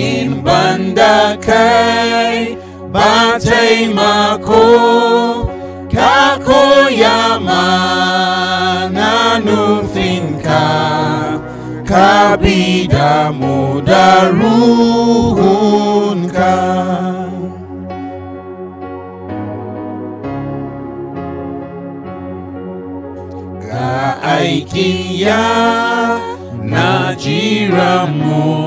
אם בנדקי בתי מקור, kako yama nanu finka kabida mudarunka. aikia na jiramu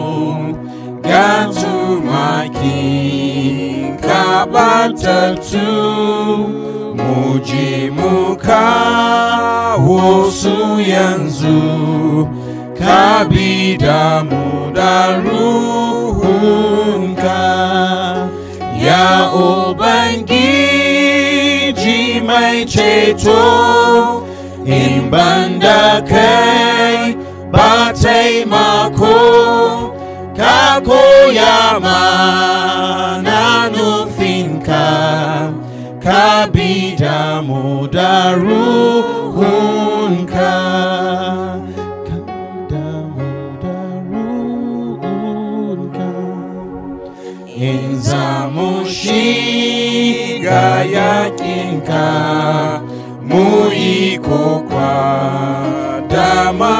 God to my King, Kabata to, Mujimuka wosu yanzu Kabida mudaruhunka Ya Ubangiji mai ceto imbanda banda kai ba Abida muda ruhunka Kada muda ruhunka Inza mushiga yakinka Muiko kwa dama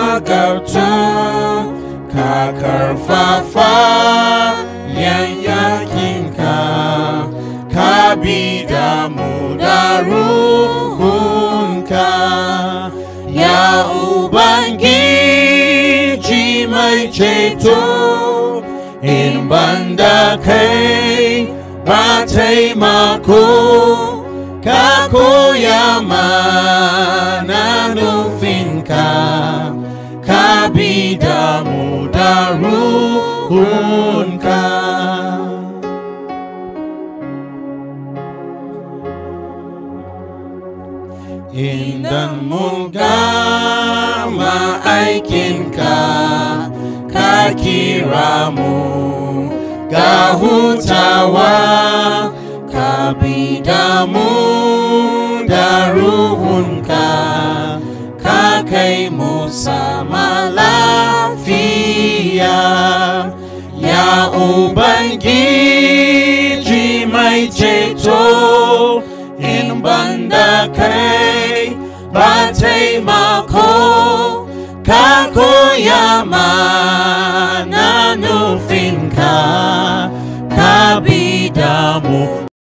Kakarfafa yan bidamu ruhunka ya ubangi mai ceto in banda kai ba taimako ka koya mana nufinka Inda mun gama aikinka, ka kira mu ga hutawa, ka bi da ruhunka, ka kai mu sama lafiya. Ya Ubangiji mai ceto in banda kai. Banteimako kakoyama nanufinka kabidamu